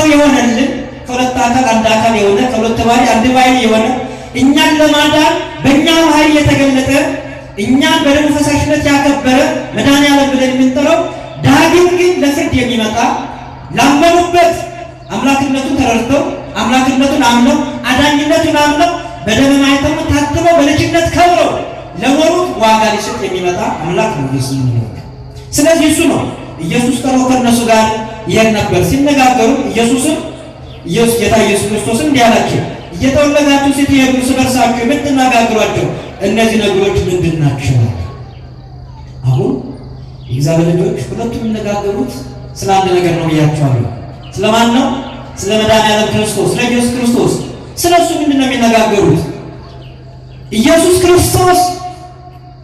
ሰው የሆነልን ከሁለት አካል አንድ አካል የሆነ ከሁለት ባህሪ አንድ ባህሪ የሆነ እኛን ለማዳን በእኛ ባህሪ የተገለጠ እኛን በደም ፈሳሽነት ያከበረ መድኃኒዓለም ብለን የምንጠራው ዳግም ግን ለፍርድ የሚመጣ ላመኑበት አምላክነቱን ተረድተው አምላክነቱን አምነው አዳኝነቱን አምነው በደም ማይተሙ ታትመው በልጅነት ከብረው ለወሩት ዋጋ ሊሰጥ የሚመጣ አምላክ ነው። ስለዚህ እሱ ነው ኢየሱስ ጠሮ ከእነሱ ጋር ይሄድ ነበር። ሲነጋገሩ ኢየሱስም ኢየሱስ ጌታ ኢየሱስ ክርስቶስም እንዲህ አላቸው፣ እየተወለዳችሁ ስትሄዱ እርስ በርሳችሁ እነዚህ ነገሮች ምንድን ናቸው? አሁን የእግዚአብሔር ልጆች ሁለቱ የሚነጋገሩት ስለ አንድ ነገር ነው ብያቸዋለሁ። ስለማን ነው? ስለ መድኃኒዓለም ክርስቶስ፣ ስለ ኢየሱስ ክርስቶስ። ስለ እሱ ምንድን ነው የሚነጋገሩት? ኢየሱስ ክርስቶስ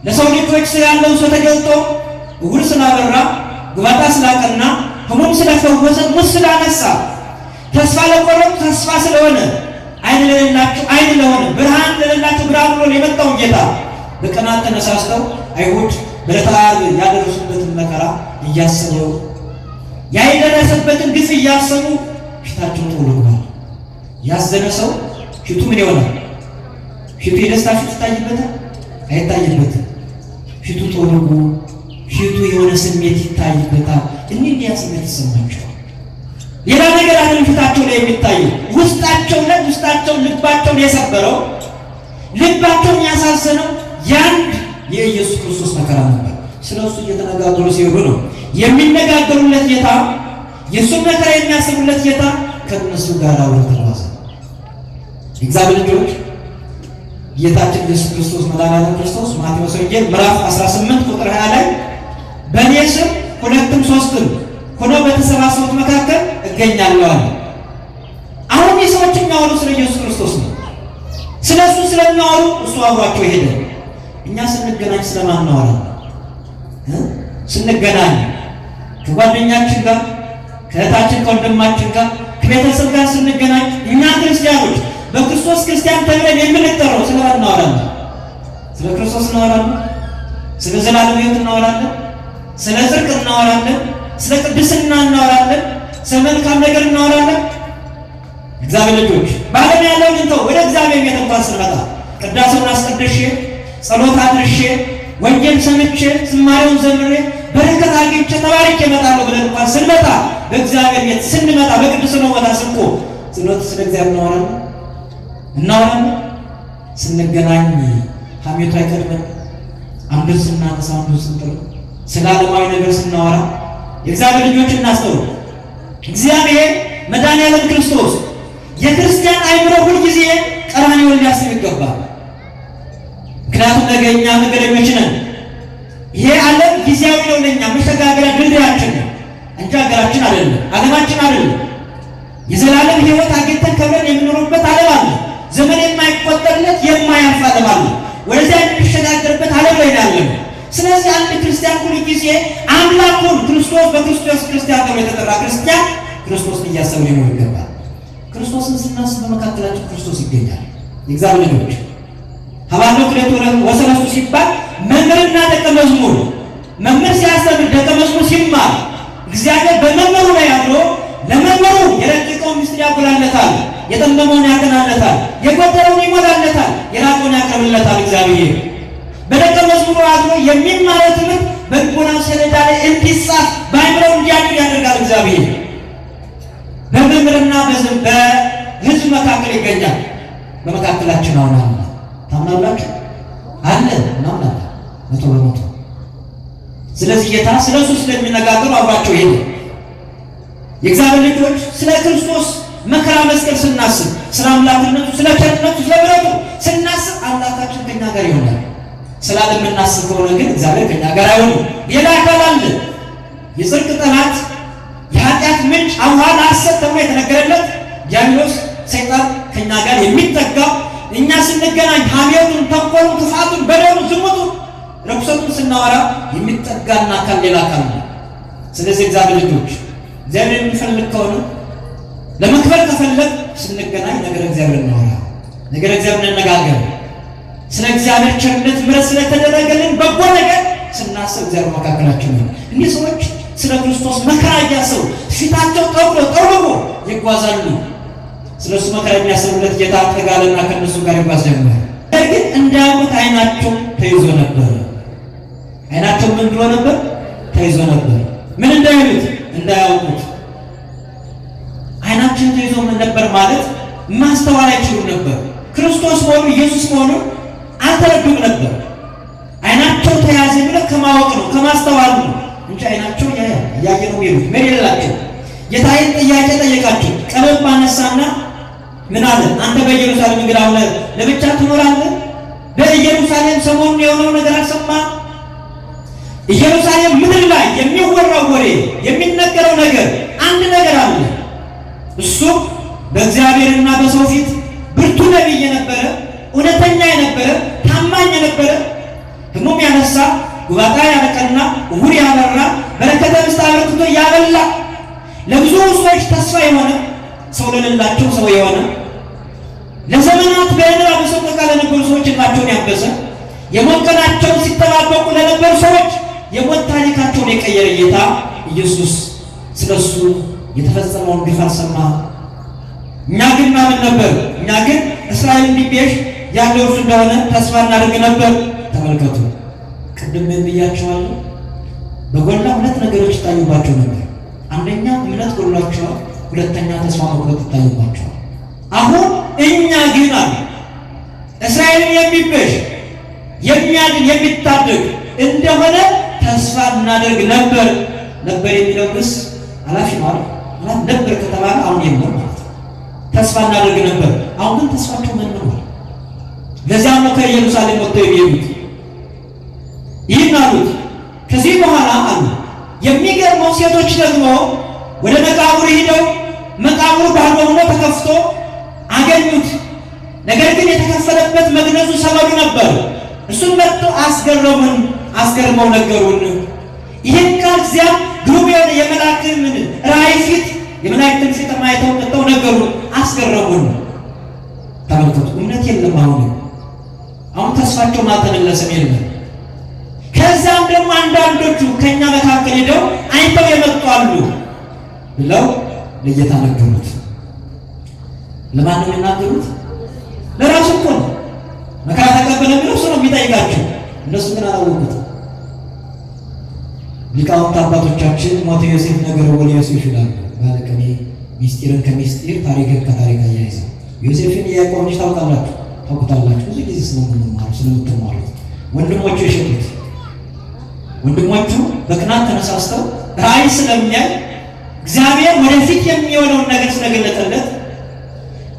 ለሰው ልጆች ስላለው ሰው ተገልጦ እውር ስላበራ ጉባታ ስላቀና ህሙም ስለፈወሰ ሙስና አነሳ። ተስፋ ለቆረጡ ተስፋ ስለሆነ አይን ለሌላቸው አይን ለሆነ ብርሃን ለሌላቸው ብርሃን ብሎ የመጣውን ጌታ በቅናት ተነሳስተው አይሁድ በዕለተ ዓርብ ያደረሱበትን መከራ እያሰበው ያ የደረሰበትን ግፍ እያሰቡ ፊታቸው ተውለውታል። ያዘነ ሰው ፊቱ ምን ይሆናል? ፊቱ የደስታ ፊት ይታይበታል? አይታይበትም። ፊቱ ተውልጎ ሽቱ የሆነ ስሜት ይታይበታል። እኔ እንዲያ ስሜት ይሰማቸዋል። ሌላ ነገር አለም ፊታቸው ላይ የሚታይ ውስጣቸው ላይ ውስጣቸው ልባቸውን የሰበረው ልባቸውን ያሳዘነው ያንድ የኢየሱስ ክርስቶስ መከራ ነበር። ስለ እሱ እየተነጋገሩ ሲሄዱ ነው የሚነጋገሩለት ጌታ የእሱን መከራ የሚያስቡለት ጌታ ከእነሱ ጋር አብሮ ተጓዘ። እግዚአብሔር ልጆች ጌታችን ኢየሱስ ክርስቶስ መድኃኒዓለም ክርስቶስ ማቴዎስ ወንጌል ምዕራፍ 18 ቁጥር 20 ላይ በእኔ ስም ሁለትም ሶስትም ሆኖ በተሰባሰቡት መካከል እገኛለሁ አለ። አሁን የሰዎች የሚያወሩ ስለ ኢየሱስ ክርስቶስ ነው። ስለ እሱ ስለሚያወሩ እሱ አብሯቸው ሄደ። እኛ ስንገናኝ ስለማን እናወራ? ስንገናኝ ከጓደኛችን ጋር ከእህታችን ከወንድማችን ጋር ከቤተሰብ ጋር ስንገናኝ እኛ ክርስቲያኖች በክርስቶስ ክርስቲያን ተብለን የምንጠራው ስለማን እናወራለን? ስለ ክርስቶስ እናወራለን። ስለ ዘላለም ሕይወት እናወራለን። ስለ ጽድቅ እናወራለን፣ ስለ ቅድስና እናወራለን፣ ስለ መልካም ነገር እናወራለን። እግዚአብሔር ልጆች ባለም ያለው ልንተው ወደ እግዚአብሔር ቤት እንኳን ስንመጣ ቅዳሴውን አስቀድሼ ጸሎት አድርሼ ወንጌል ሰምቼ ዝማሬውን ዘምሬ በረከት አግኝቼ ተባርኬ እመጣለሁ ብለን እንኳን ስንመጣ በእግዚአብሔር ቤት ስንመጣ በቅዱስ ነው ቦታ ስንቆ ጸሎት ስለ እግዚአብሔር እናወራለን እናወራለን። ስንገናኝ ሀሜቱ አይቀድመን አንዱን ስናነሳ አንዱን ስንጥል ስለ ዓለማዊ ነገር ስናወራ የእግዚአብሔር ልጆች እናስተው እግዚአብሔር መድኃኒዓለም ክርስቶስ የክርስቲያን አይምሮ ሁልጊዜ ቀራንዮውን ሊያስብ ይገባል። ምክንያቱም ነገ እኛ መንገደኞች ነን። ይሄ ዓለም ጊዜያዊ ነው፣ ለኛ መሸጋገሪያ ድልድያችን ነው እንጂ ሀገራችን አይደለም፣ ዓለማችን አይደለም። የዘላለም ሕይወት አግኝተን ከብረን የምኖሩበት ዓለም አለ። ዘመን የማይቆጠርለት የማያልፍ ዓለም አለ። ወደዚያ የሚሸጋገርበት ዓለም ላይ ያለን ስለዚህ አንድ ክርስቲያን ሁሉ ጊዜ አምላኩ ክርስቶስ በክርስቶስ ክርስቲያን ተብሎ የተጠራ ክርስቲያን ክርስቶስን እያሰቡ ሊኖር ይገባል። ክርስቶስን ስናስብ በመካከላቸው ክርስቶስ ይገኛል። የእግዚአብሔር ልጆች ሀባሎት ለቶረን ወሰለሱ ሲባል መምህርና ደቀ መዝሙር መምህር ሲያስተምር ደቀ መዝሙር ሲማር እግዚአብሔር በመምህሩ ላይ አድሮ ለመምህሩ የረቀቀውን ምስጢር ያጎላለታል፣ የጠመመውን ያቀናለታል፣ የጎደለውን ይሞላለታል፣ የራቀውን ያቀርብለታል እግዚአብሔር በደቀ መዝሙሩ አዝኖ የሚማረው ትምህርት በልቦናው ሰሌዳ ላይ እንዲጻፍ በአእምሮው እንዲያድር ያደርጋል። እግዚአብሔር በመምህርና በህዝብ መካከል ይገኛል። በመካከላችን አሁን አለ። ታምናላችሁ? አለ እናምናለን፣ መቶ በመቶ። ስለዚህ ጌታ ስለ እሱ ስለሚነጋገሩ አብሯቸው ይሄ የእግዚአብሔር ልጆች ስለ ክርስቶስ መከራ መስቀል ስናስብ፣ ስለ አምላክነቱ፣ ስለ ቸርነቱ፣ ስለ ምሕረቱ ስናስብ አምላካችን ከኛ ጋር ይሆናል። ስላለ የምናስብ ከሆነ ግን እግዚአብሔር ከኛ ጋር አይሆንም። ሌላ አካል አለ። የጽድቅ ጠላት፣ የኃጢአት ምንጭ፣ አውሃ አሰብ ተብሎ የተነገረለት ዲያብሎስ ሰይጣን ከኛ ጋር የሚጠጋ እኛ ስንገናኝ ሀሜቱን፣ ተንኮሉን፣ ክፋቱን፣ በደሉን፣ ዝሙቱ፣ ረኩሰቱን ስናወራ የሚጠጋና አካል ሌላ አካል ነው። ስለዚህ እግዚአብሔር ልጆች እግዚአብሔር የሚፈልግ ከሆነ ለመክበር ከፈለግ ስንገናኝ ነገር እግዚአብሔር እናወራ፣ ነገር እግዚአብሔር እንነጋገር ስለ እግዚአብሔር ቸርነት ምረት ስለተደረገልን በጎ ነገር ስናስብ እግዚአብሔር መካከላችን። ነው። እኒህ ሰዎች ስለ ክርስቶስ መከራ እያሰቡ ፊታቸው ጠቁሮ ጠቁሮ ይጓዛሉ። ስለ እሱ መከራ የሚያሰቡለት ጌታ ጠጋለና ከእነሱ ጋር ይጓዝ ጀመረ። ነገር ግን እንዳያውቁት አይናቸው ተይዞ ነበር። አይናቸው ምን ብሎ ነበር? ተይዞ ነበር። ምን እንዳይሉት እንዳያውቁት አይናችን ተይዞ ምን ነበር ማለት ማስተዋል አይችሉም ነበር ክርስቶስ መሆኑ ኢየሱስ መሆኑ አልተረዱም ነበር። አይናቸው ተያዘ ብለ ከማወቅ ነው ከማስተዋል ነው እንጂ አይናቸው እያየ ነው ሄዱት መሪ ሌላቸው የታይን ጥያቄ ጠየቃቸው። ቀበብ ባነሳና ምን አለ አንተ በኢየሩሳሌም እንግዳ ሆነ ለብቻ ትኖራለህ? በኢየሩሳሌም ሰሞኑን የሆነው ነገር አልሰማ ኢየሩሳሌም ምድር ላይ የሚወራው ወሬ የሚነገረው ነገር አንድ ነገር አለ። እሱም በእግዚአብሔርና በሰው ፊት ብርቱ ነቢይ የነበረ እውነተኛ የነበረ ታማኝ የነበረ ህሙም ያነሳ ጉባታ ያነቀና እውር ያበራ በረከተ ምስት አበርክቶ ያበላ ለብዙ ሰዎች ተስፋ የሆነ ሰው ለሌላቸው ሰው የሆነ ለዘመናት በእንባ በሰቆቃ ለነበሩ ሰዎች እናቸውን ያበሰ የሞት ሲጠባበቁ ለነበሩ ሰዎች የሞት ታሪካቸውን የቀየረ ጌታ ኢየሱስ ስለሱ የተፈጸመውን ግፍ አልሰማ። እኛ ግን ማምን ነበር። እኛ ግን እስራኤል እንዲቤዥ ያለው እርሱ እንደሆነ ተስፋ እናደርግ ነበር። ተመልከቱ፣ ቅድም ብያቸዋለሁ። በጎላ ሁለት ነገሮች ይታዩባቸው ነበር። አንደኛ እምነት ጎሏቸዋል፣ ሁለተኛ ተስፋ መቁረጥ ይታዩባቸዋል። አሁን እኛ ግን አለ እስራኤልን የሚበሽ የሚያድን የሚታደግ እንደሆነ ተስፋ እናደርግ ነበር። ነበር የሚለው ግስ አላፊ ነው። ነበር ከተባለ አሁን የለም ማለት ነው። ተስፋ እናደርግ ነበር። አሁን ግን ተስፋቸው ምን ለዚያም ነው ከኢየሩሳሌም ወጥቶ የሚሄዱት። ይህን አሉት። ከዚህ በኋላ አሉ የሚገርመው ሴቶች ደግሞ ወደ መቃብር ሂደው መቃብሩ ባዶ ሆኖ ተከፍቶ አገኙት። ነገር ግን የተከፈለበት መግነዙ ሰበሩ ነበር። እሱን መጥቶ አስገረሙን አስገርመው ነገሩን። ይህን ቃል እዚያም ግሩብ የሆነ የመላእክትን ራእይ ፊት የመላእክትን ፊት ማየተው መጥተው ነገሩን አስገረሙን። ተመልከቱ፣ እምነት የለም አሁን አሁን ተስፋቸው ማልተመለሰም የለም። ከዛም ደግሞ አንዳንዶቹ ከእኛ መካከል ሄደው አይተው የመጡ አሉ ብለው ለጌታ ነገሩት። ለማን ነው የሚናገሩት? ለራሱ እኮ ነው። መከራ ተቀበለ ብለው እሱ ነው የሚጠይቃቸው። እነሱ ግን አላወቁት። ሊቃውንት አባቶቻችን ሞተ ዮሴፍ ነገር ወደ ዮሴፍ ይላል ባለቅኔ ሚስጢርን ከሚስጢር ታሪክን ከታሪክ አያይዘው ዮሴፍን የያዕቆብ ልጅ ታውቃላችሁ ታውቁታላችሁ። ብዙ ጊዜ ስለምንማሩ ስለምትማሩ ወንድሞቹ የሸጡት ወንድሞቹ በቅናት ተነሳስተው ራእይ ስለሚያይ እግዚአብሔር ወደፊት የሚሆነውን ነገር ስለገለጠለት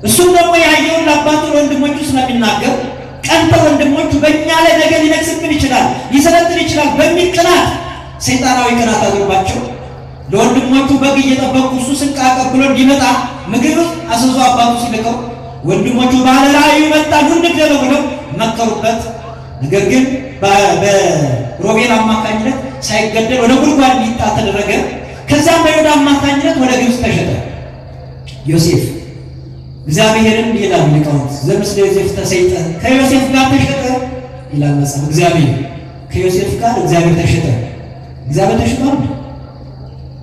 እሱም ደግሞ ያየውን ለአባቱ ለወንድሞቹ ስለሚናገር ቀንተ ወንድሞቹ በእኛ ላይ ነገር ሊነግስብን ይችላል፣ ሊሰለጥን ይችላል በሚል ቅናት ሰይጣናዊ ቅናት አድርባቸው ለወንድሞቹ በግ እየጠበቁ እሱ ስንቅ አቀብሎ እንዲመጣ ምግብ አዘዞ አባቱ ሲልቀው ወንድሞቹ ባለራእዩ መጣን እንግደለው ብለው መከሩበት። ነገር ግን በሮቤል አማካኝነት ሳይገደል ወደ ጉድጓድ ሊጣ ተደረገ። ከዛም በይሁዳ አማካኝነት ወደ ግብፅ ተሸጠ። ዮሴፍ እግዚአብሔርን ይላል ሊቃውንት ዘምስለ ዮሴፍ ተሰይጠ፣ ከዮሴፍ ጋር ተሸጠ ይላል መጽሐፍ። እግዚአብሔር ከዮሴፍ ጋር እግዚአብሔር ተሸጠ። እግዚአብሔር ተሸጠ፣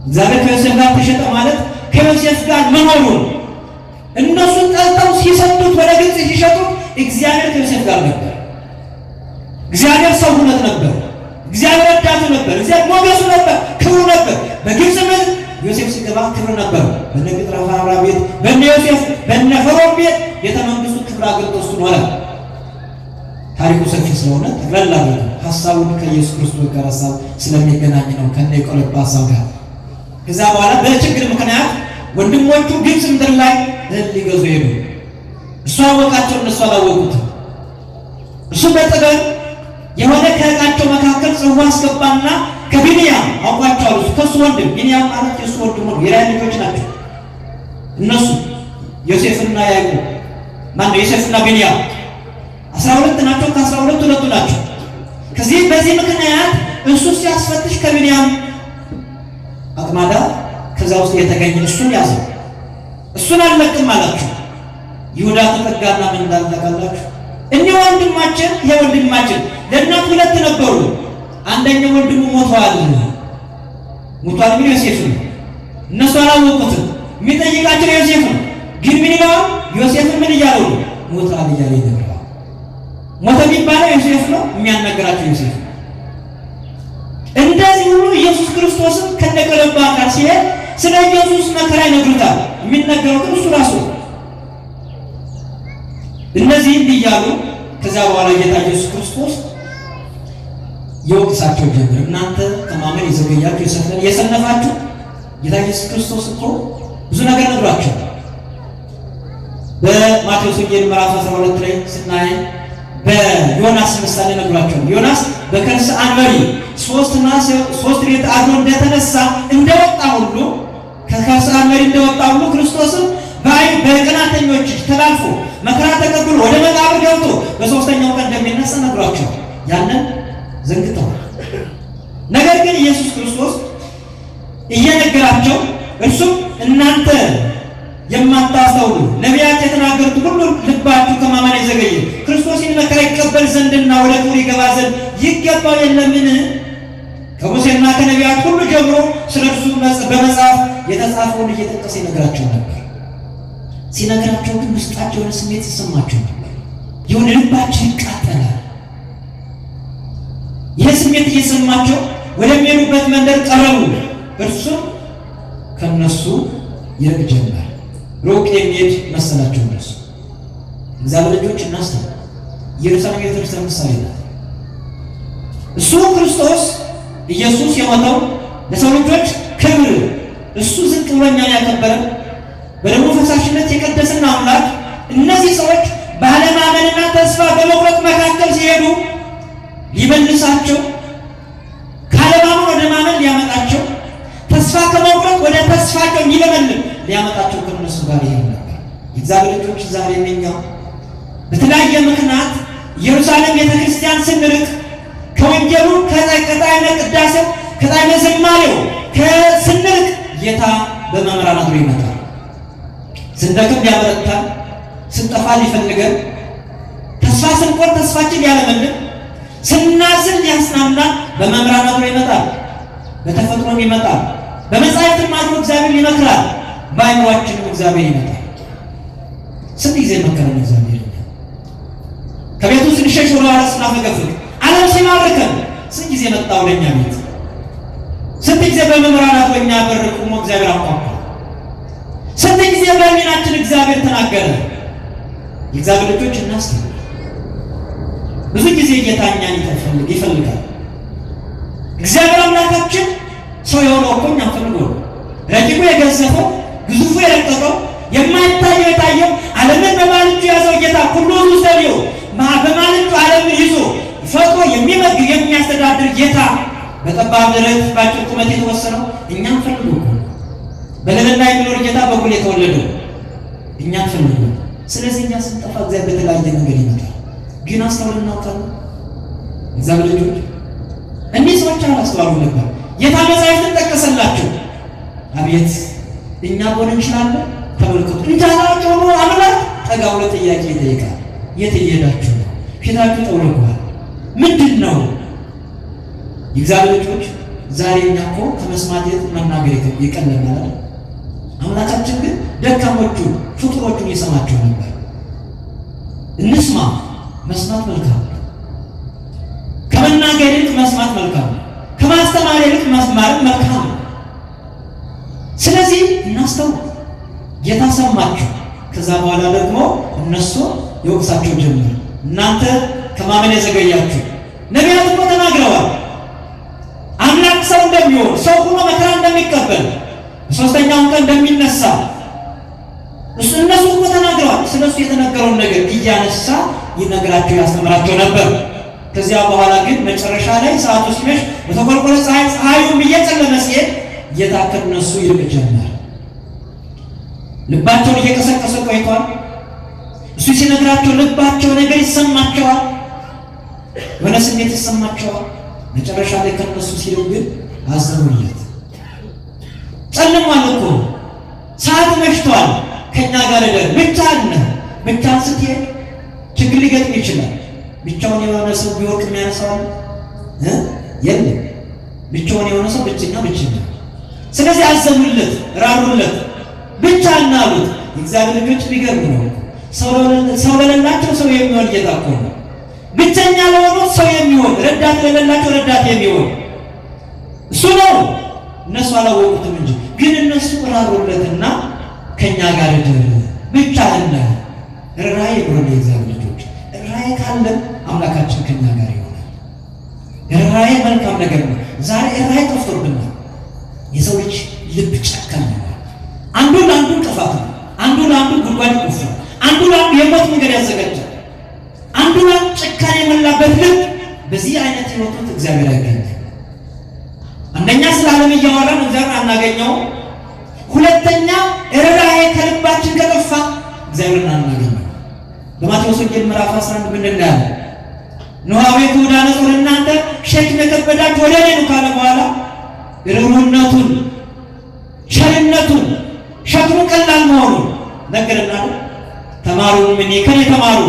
እግዚአብሔር ከዮሴፍ ጋር ተሸጠ ማለት ከዮሴፍ ጋር መኖሩን እነሱ ጠልተው ሲሰዱት ወደ ግብፅ ሲሸጡ እግዚአብሔር ከዮሴፍ ጋር ነበር። እግዚአብሔር ሰው ሰውነት ነበር። እግዚአብሔር እዳቱ ነበር። እግዚአብሔር ሞገሱ ነበር፣ ክብሩ ነበር። በግብፅ ምድር ዮሴፍ ሲገባ ክብር ነበር። በነ ቅጥራ ቤት፣ በነ ዮሴፍ፣ በነ ፈርዖን ቤት ቤተመንግስቱ ክብር አገልጦ ውስጥ ሆነ። ታሪኩ ሰፊ ስለሆነ ጠቅላላ ሀሳቡን ከኢየሱስ ክርስቶስ ጋር ሀሳብ ስለሚገናኝ ነው ከነ የቆለባ ሀሳብ ጋር ከዛ በኋላ በችግር ምክንያት ወንድሞቹ ግብፅ ምድር ላይ እህል ሊገዙ ሄዱ። እሱ አወቃቸው፣ እነሱ አላወቁት እሱ በጥበብ የሆነ ከእቃቸው መካከል ጽዋ አስገባና ከቢንያም አውቋቸዋል። እሱ ከሱ ወንድም ቢንያም ማለት የእሱ ወንድም ነው። የራያ ልጆች ናቸው እነሱ ዮሴፍና ያዕቆብ ማነው? ዮሴፍና ቢንያም አስራ ሁለት ናቸው። ከአስራ ሁለት ሁለቱ ናቸው። ከዚህ በዚህ ምክንያት እሱ ሲያስፈትሽ ከቢንያም አቅማዳ ከዛ ውስጥ የተገኘ እሱን ያዘው። እሱን አልለቅም አላችሁ። ይሁዳ ተጠጋና ምን እንዳልተካላችሁ እኔ ወንድማችን የወንድማችን ለእናት ሁለት ነበሩ። አንደኛው ወንድሙ ሞቷል ሞቷል ምን ዮሴፍ ነው። እነሱ አላወቁትም። የሚጠይቃቸው ዮሴፍ ነው። ግን ምን ይለዋል? ዮሴፍን ምን እያለው ነው? ሞቷል እያለ ይነግረዋል። ሞተ የሚባለው ዮሴፍ ነው። የሚያናገራቸው ዮሴፍ ነው። እንደዚህ ሁሉ ኢየሱስ ክርስቶስም ከነገረባ ጋር ሲሄድ ስለ ኢየሱስ መከራ ይነግሩታል። የሚነገረው ግን እሱ ራሱ እነዚህ እያሉ ከዛ በኋላ ጌታ ኢየሱስ ክርስቶስ የወቅሳቸው ጀምር እናንተ ከማመን የዘገያችሁ የሰነፋችሁ፣ ጌታ ኢየሱስ ክርስቶስ እኮ ብዙ ነገር ነግሯቸው በማቴዎስ ወንጌል ምዕራፍ 12 ላይ ስናይ በዮናስ ምሳሌ ነግሯቸው ዮናስ በከርስ አንበሪ ሶስት ሬት አድሮ እንደተነሳ እንደወጣ ሁሉ ከካሳር መሪ እንደወጣ ሁሉ ክርስቶስም ባይ በቀናተኞች ተላልፎ መከራ ተቀብሎ ወደ መቃብር ገብቶ በሶስተኛው ቀን እንደሚነሳ ነግሯቸዋል። ያንን ዘንግተዋል። ነገር ግን ኢየሱስ ክርስቶስ እየነገራቸው እርሱም እናንተ የማታስተውሉ ነቢያት የተናገሩት ሁሉ ልባችሁ ከማመን የዘገየ ክርስቶስን መከራ ይቀበል ዘንድና ወደ ክብር ይገባ ዘንድ ይገባው የለምን? ከሙሴና ከነቢያት ሁሉ ጀምሮ ስለ እርሱ በመጽሐፍ የተጻፈውን እየጠቀሰ ይነግራቸው ነበር። ሲነግራቸው ግን ውስጣቸው የሆነ ስሜት ይሰማቸው ነበር። የሆነ ልባቸው ይቃጠላል። ይህ ስሜት እየሰማቸው ወደሚሄዱበት መንደር ቀረቡ። እርሱም ከነሱ ይርቅ ጀመር። ሩቅ የሚሄድ መሰላቸው እነሱ። እግዚአብሔር ልጆች እናስተ ኢየሩሳሌም ቤተክርስቲያን ምሳሌ ናት። እሱ ክርስቶስ ኢየሱስ የሞተው ለሰው ልጆች ክብር እሱ ዝቅ ብሎ እኛን ያከበረ በደሙ ፈሳሽነት የቀደሰን አምላክ እነዚህ ሰዎች ባለማመንና ተስፋ በመቁረጥ መካከል ሲሄዱ ሊመልሳቸው፣ ካለማመን ወደ ማመን ሊያመጣቸው፣ ተስፋ ከመቁረጥ ወደ ተስፋቸው ሊለመልም ሊያመጣቸው ከነሱ ጋር ይሄ ነበር። የእግዚአብሔር ልጆች ዛሬ የሚኛው በተለያየ ምክንያት ኢየሩሳሌም ቤተ ክርስቲያን ስንርቅ ከወንጀሉ ከጣይነ ቅዳሴው ከጣይነ ዝማሬው ከስንርቅ ጌታ በመምራናቱ ይመጣል። ስንደክም ሊያበረታን፣ ስንጠፋ ሊፈልገን፣ ተስፋ ስንቆር ተስፋችን ሊያለመልን፣ ስናዝን ሊያስናናን በመምራናቱ ይመጣል። በተፈጥሮም ይመጣል። በመጽሐፍትም አድሮ እግዚአብሔር ይመክራል። በአይምሯችንም እግዚአብሔር ይመጣል። ስንት ጊዜ መከረን እግዚአብሔር ከቤቱ ስንሸሽ ወደ ኋላ ስናፈገፍግ ዓለም ሲማርከን ስንት ጊዜ መጣ ወደኛ ቤት ስንት ጊዜ በመምህራናት በእኛ በር ቁሞ እግዚአብሔር አቋቋ ስንት ጊዜ በሚናችን እግዚአብሔር ተናገረ። የእግዚአብሔር ልጆች እናስተ ብዙ ጊዜ ጌታ እኛን ይፈልጋል። እግዚአብሔር አምላካችን ሰው የሆነው እኮ እኛን ፈልጎ ነው። ረቂቁ የገዘፈው ግዙፉ የረቀቀው የማይታየው የታየው ዓለምን በማልጁ የያዘው ጌታ ሁሉ ዘዴው በማልጁ ዓለምን ይዞ ፈጥሮ የሚመግብ የሚያስተዳድር ጌታ በጠባብ ደረት በአጭር ቁመት የተወሰነው እኛን ፈልጎ በለመና የሚኖር ጌታ በኩል የተወለደው እኛን ፈልጎ። ስለዚህ እኛ ስንጠፋ እግዚአብሔር በተለያየ መንገድ ይመጣል። ግን አስተውል እናውቃለ እግዚአብሔር ልጆች እኒህ ሰዎች አላስተዋሉ ነበር። የታ መጽሐፍ ትጠቀሰላችሁ? አቤት እኛ ሆን እንችላለን። ተመልከቱ እንጀራቸው ሆኖ አምላክ ጠጋ ብሎ ጥያቄ ይጠይቃል። የት እየሄዳችሁ ነው? ፊታችሁ ጠውልጓል። ምንድን ነው የእግዚአብሔር ልጆች ዛሬ እኛ እኮ ከመስማት የት መናገር ይቀለናል። አምላካችን ግን ደካሞቹን ፍጡሮቹን እየሰማቸው ነበር። እንስማ። መስማት መልካም ነው። ከመናገር ይልቅ መስማት መልካም ነው። ከማስተማር ይልቅ ማስተማር መልካም ነው። ስለዚህ እናስተው ጌታ ሰማችሁ። ከዛ በኋላ ደግሞ እነሱ የወቅሳቸው ጀምር። እናንተ ከማመን የዘገያችሁ ነቢያት እኮ ተናግረዋል። የሚነሳ እነሱ እኮ ተናግረዋል። ስለ እሱ የተነገረውን ነገር እያነሳ ይነግራቸው ያስተምራቸው ነበር። ከዚያ በኋላ ግን መጨረሻ ላይ ሰዓቱ ሲመሽ በተቆርቆረ ፀሐይ ፀሐዩም እየጨለመ ሲሄድ ጌታ ከእነሱ ይርቅ ጀመር። ልባቸውን እየቀሰቀሰ ቆይቷል። እሱ ሲነግራቸው ልባቸው ነገር ይሰማቸዋል፣ የሆነ ስሜት ይሰማቸዋል። መጨረሻ ላይ ከነሱ ሲርቅ ግን አዘኑለት። ጨልሟል እኮ ሰዓት መሽቷል። ከእኛ ጋር ደ ብቻህን ነህ። ብቻህን ስትሄድ ችግር ሊገጥም ይችላል። ብቻውን የሆነ ሰው ቢወርቅ የሚያነሳዋል የለ። ብቻውን የሆነ ሰው ብቸኛ ብቸኛ። ስለዚህ አዘኑለት፣ ራሩለት፣ ብቻ እናሉት የእግዚአብሔር ልጆች ሊገርም ነው። ሰው ለሌላቸው ሰው የሚሆን ጌታ እኮ ነው። ብቸኛ ለሆኑ ሰው የሚሆን ረዳት ለሌላቸው ረዳት የሚሆን እሱ ነው። እነሱ አላወቁትም እንጂ ግን እነሱ ራሩለትና ከእኛ ጋር ድር ብቻ ልና ራይ ብሮን የእግዚአብሔር ልጆች ራይ ካለን አምላካችን ከኛ ጋር ይሆናል። ራይ መልካም ነገር ነው። ዛሬ ራይ ጠፍቶብናል። የሰው ልጅ ልብ ጨካኝ ነው። አንዱ ለአንዱ ጥፋት ነው። አንዱ ለአንዱ ጉድጓድ ይቆፍራል። አንዱ ለአንዱ የሞት ነገር ያዘጋጃል። አንዱ ለአንዱ ጭካኔ የሞላበት ልብ በዚህ አይነት ህይወት እግዚአብሔር ያገ እያወራን እግዚአብሔር አናገኘው። ሁለተኛ ርኅራኄ ከልባችን ከጠፋ እግዚአብሔር አናገኘው። በማቴዎስ ወንጌል ምዕራፍ 11 ምንድን ነው ያለው? ኖህ አቤቱ ናነጹን እናንተ ሸክም የከበዳችሁ ወደ እኔ ኑ ካለ በኋላ ርኅሩህነቱን፣ ቸርነቱን፣ ሸክሙ ቀላል መሆኑን ነገርና ተማሩ ምን ከኔ ተማሩ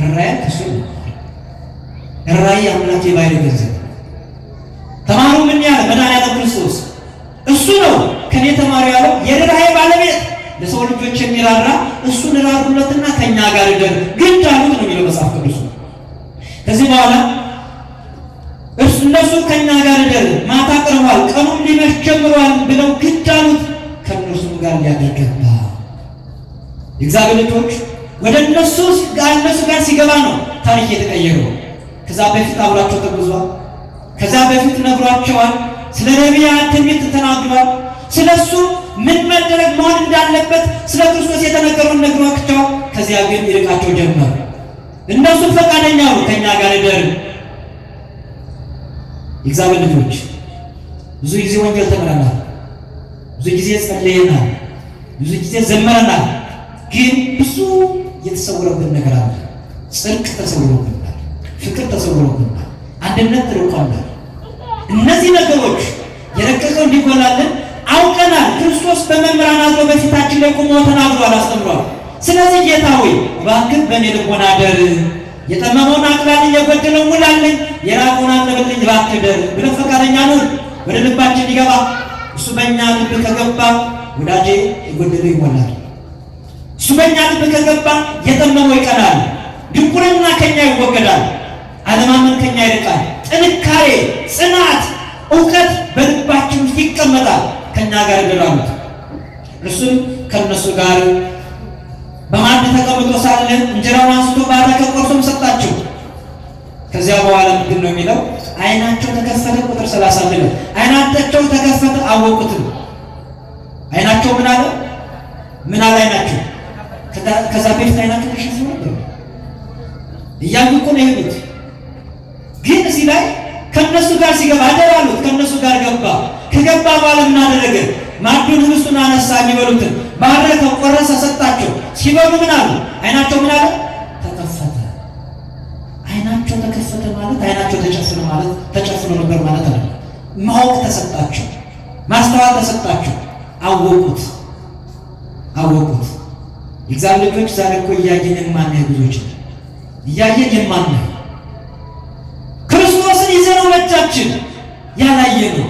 ርኅራኄ ከሱ ርኅራኄ አምላክ የባሕርይ የሚራራ እሱን ራሩለትና ከእኛ ጋር ደር ግድ አሉት ነው የሚለው መጽሐፍ ቅዱስ። ነው። ከዚህ በኋላ እነሱ ከእኛ ጋር ደር ማታ ቀርቧል፣ ቀኑም ሊመሽ ጀምሯል ብለው ግድ አሉት ከእነሱ ጋር ሊያደር ገባ። የእግዚአብሔር ልጆች ወደ እነሱ ጋር እነሱ ጋር ሲገባ ነው ታሪክ የተቀየረው። ከዛ በፊት አብሯቸው ተጉዟል። ከዛ በፊት ነግሯቸዋል። ስለ ነቢያት ትንቢት ተናግሯል። ስለ እሱም ምን መደረግ መሆን እንዳለበት ስለ ክርስቶስ የተነገሩን ነግሯቸው ከዚያ ግን ይርቃቸው ጀመር። እነሱ ፈቃደኛ ነው ከእኛ ጋር ይደር። የእግዚአብሔር ልጆች ብዙ ጊዜ ወንጌል ተምረናል፣ ብዙ ጊዜ ጸልየናል፣ ብዙ ጊዜ ዘመረናል። ግን ብዙ የተሰወረብን ነገር አለ። ጽድቅ ተሰውሮብናል፣ ፍቅር ተሰውሮብናል፣ አንድነት ርቆናል። እነዚህ ነገሮች የረቀቀው እንዲጎላለን አውቀናል። ክርስቶስ በመምህራን አድሮ በፊታችን ላይ ቁሞ ተናግሯል፣ አስተምሯል። ስለዚህ ጌታ ሆይ እባክህ በእኔ ልቦና አደር፣ የጠመመውን አቅላልኝ፣ የጎደለውን ሙላልኝ፣ የራቀውን አቅርብልኝ፣ እባክህ ደር ብለን ፈቃደኛ ነን። ወደ ልባችን ሊገባ እሱ በእኛ ልብ ከገባ ወዳጄ የጎደለው ይሞላል። እሱ በእኛ ልብ ከገባ የጠመመው ይቀናል። ድንቁርና ከኛ ይወገዳል። አለማመን ከኛ ይርቃል። ጥንካሬ፣ ጽናት፣ እውቀት በልባችን ውስጥ ይቀመጣል። ከእኛ ጋር ብለዋት እርሱም ከእነሱ ጋር በማዕድ ተቀምጦ ሳለ እንጀራውን አንስቶ ባረከ፣ ቆርሶም ሰጣቸው። ከዚያ በኋላ ምንድን ነው የሚለው? አይናቸው ተከፈተ። ቁጥር ሰላሳ አንድ አይናቸው ተከፈተ አወቁትም። አይናቸው ምን አለ? ምን አለ? አይናቸው ከዛ በፊት አይናቸው ተሸፍኖ ነበር። እኮ ነው የሄዱት መባባል እናደረገ ማዕዱን ህብስቱን አነሳ፣ የሚበሉትን ባረከው፣ ቆረሰ፣ ሰጣቸው። ሲበሉ ምን አሉ? አይናቸው ምን አለ? ተከፈተ። አይናቸው ተከፈተ ማለት አይናቸው ተጨፍኖ ማለት ተጨፍኖ ነበር ማለት ነው። ማወቅ ተሰጣቸው፣ ማስተዋል ተሰጣቸው። አወቁት፣ አወቁት። የእግዚአብሔር ልጆች ዛሬ እኮ እያየን የማናይ ብዙዎች እያየን የማናይ ክርስቶስን ይዘነው በእጃችን ያላየ ነው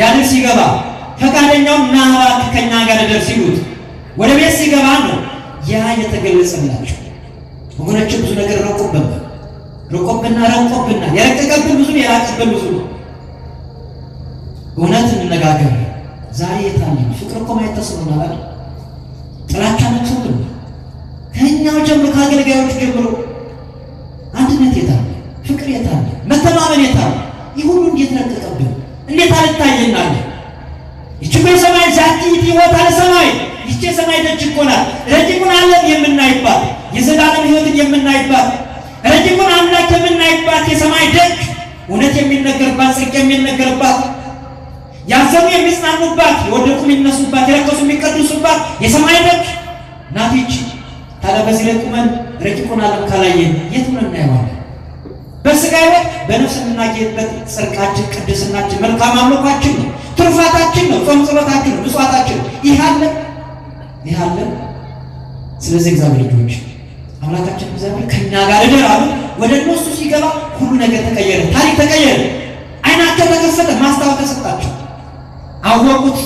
ያንን ሲገባ ፈቃደኛውም ና እባክህ ከእኛ ጋር ደር ሲሉት ወደ ቤት ሲገባ ነው ያ የተገለጸላቸው። ወገኖች ብዙ ነገር ረቆብን ረቆብና ረቆብና የረቀቀብን ብዙ የራቀብን ብዙ ነው። እውነት እንነጋገር ዛሬ የታለ ፍቅር እኮ ማየት አይደል? ጥላቻ ነቅሶብን ከኛው ጀምሮ ከአገልጋዮች ጀምሮ አንድነት የታለ ፍቅር የታለ መተማመን የታለ ይሁሉ እንዴት ነው ትታየናለ። ይች የሰማይ ዛቲ ህይወት ሰማይ ይች የሰማይ ደጅ እኮ ናት። ዓለም የምናይባት የዘላለም ህይወትን የምናይባት ረቂቁን አምላክ የምናይባት የሰማይ ደጅ እውነት የሚነገርባት ጽድቅ የሚነገርባት ያዘኑ የሚጽናኑባት የወደቁ የሚነሱባት የረከሱ የሚቀድሱባት የሰማይ ደጅ ናት ታዲያ በዚህ ላይ ቁመን ዓለም ካላየን የት እናየዋለን? በስጋ ሕይወት በነፍስ የምናየበት ጽድቃችን፣ ቅድስናችን፣ መልካም አምልኳችን ነው፣ ትሩፋታችን ነው፣ ጾም ጸሎታችን ነው፣ ምጽዋታችን ነው። ይህ አለ ይህ አለ። ስለዚህ እግዚአብሔር ልጆች አምላካችን እግዚአብሔር ከእኛ ጋር እደር አሉ። ወደ እነሱ ሲገባ ሁሉ ነገር ተቀየረ፣ ታሪክ ተቀየረ፣ አይናቸው ተከፈተ፣ ማስታወቅ ተሰጣቸው፣ አወቁት።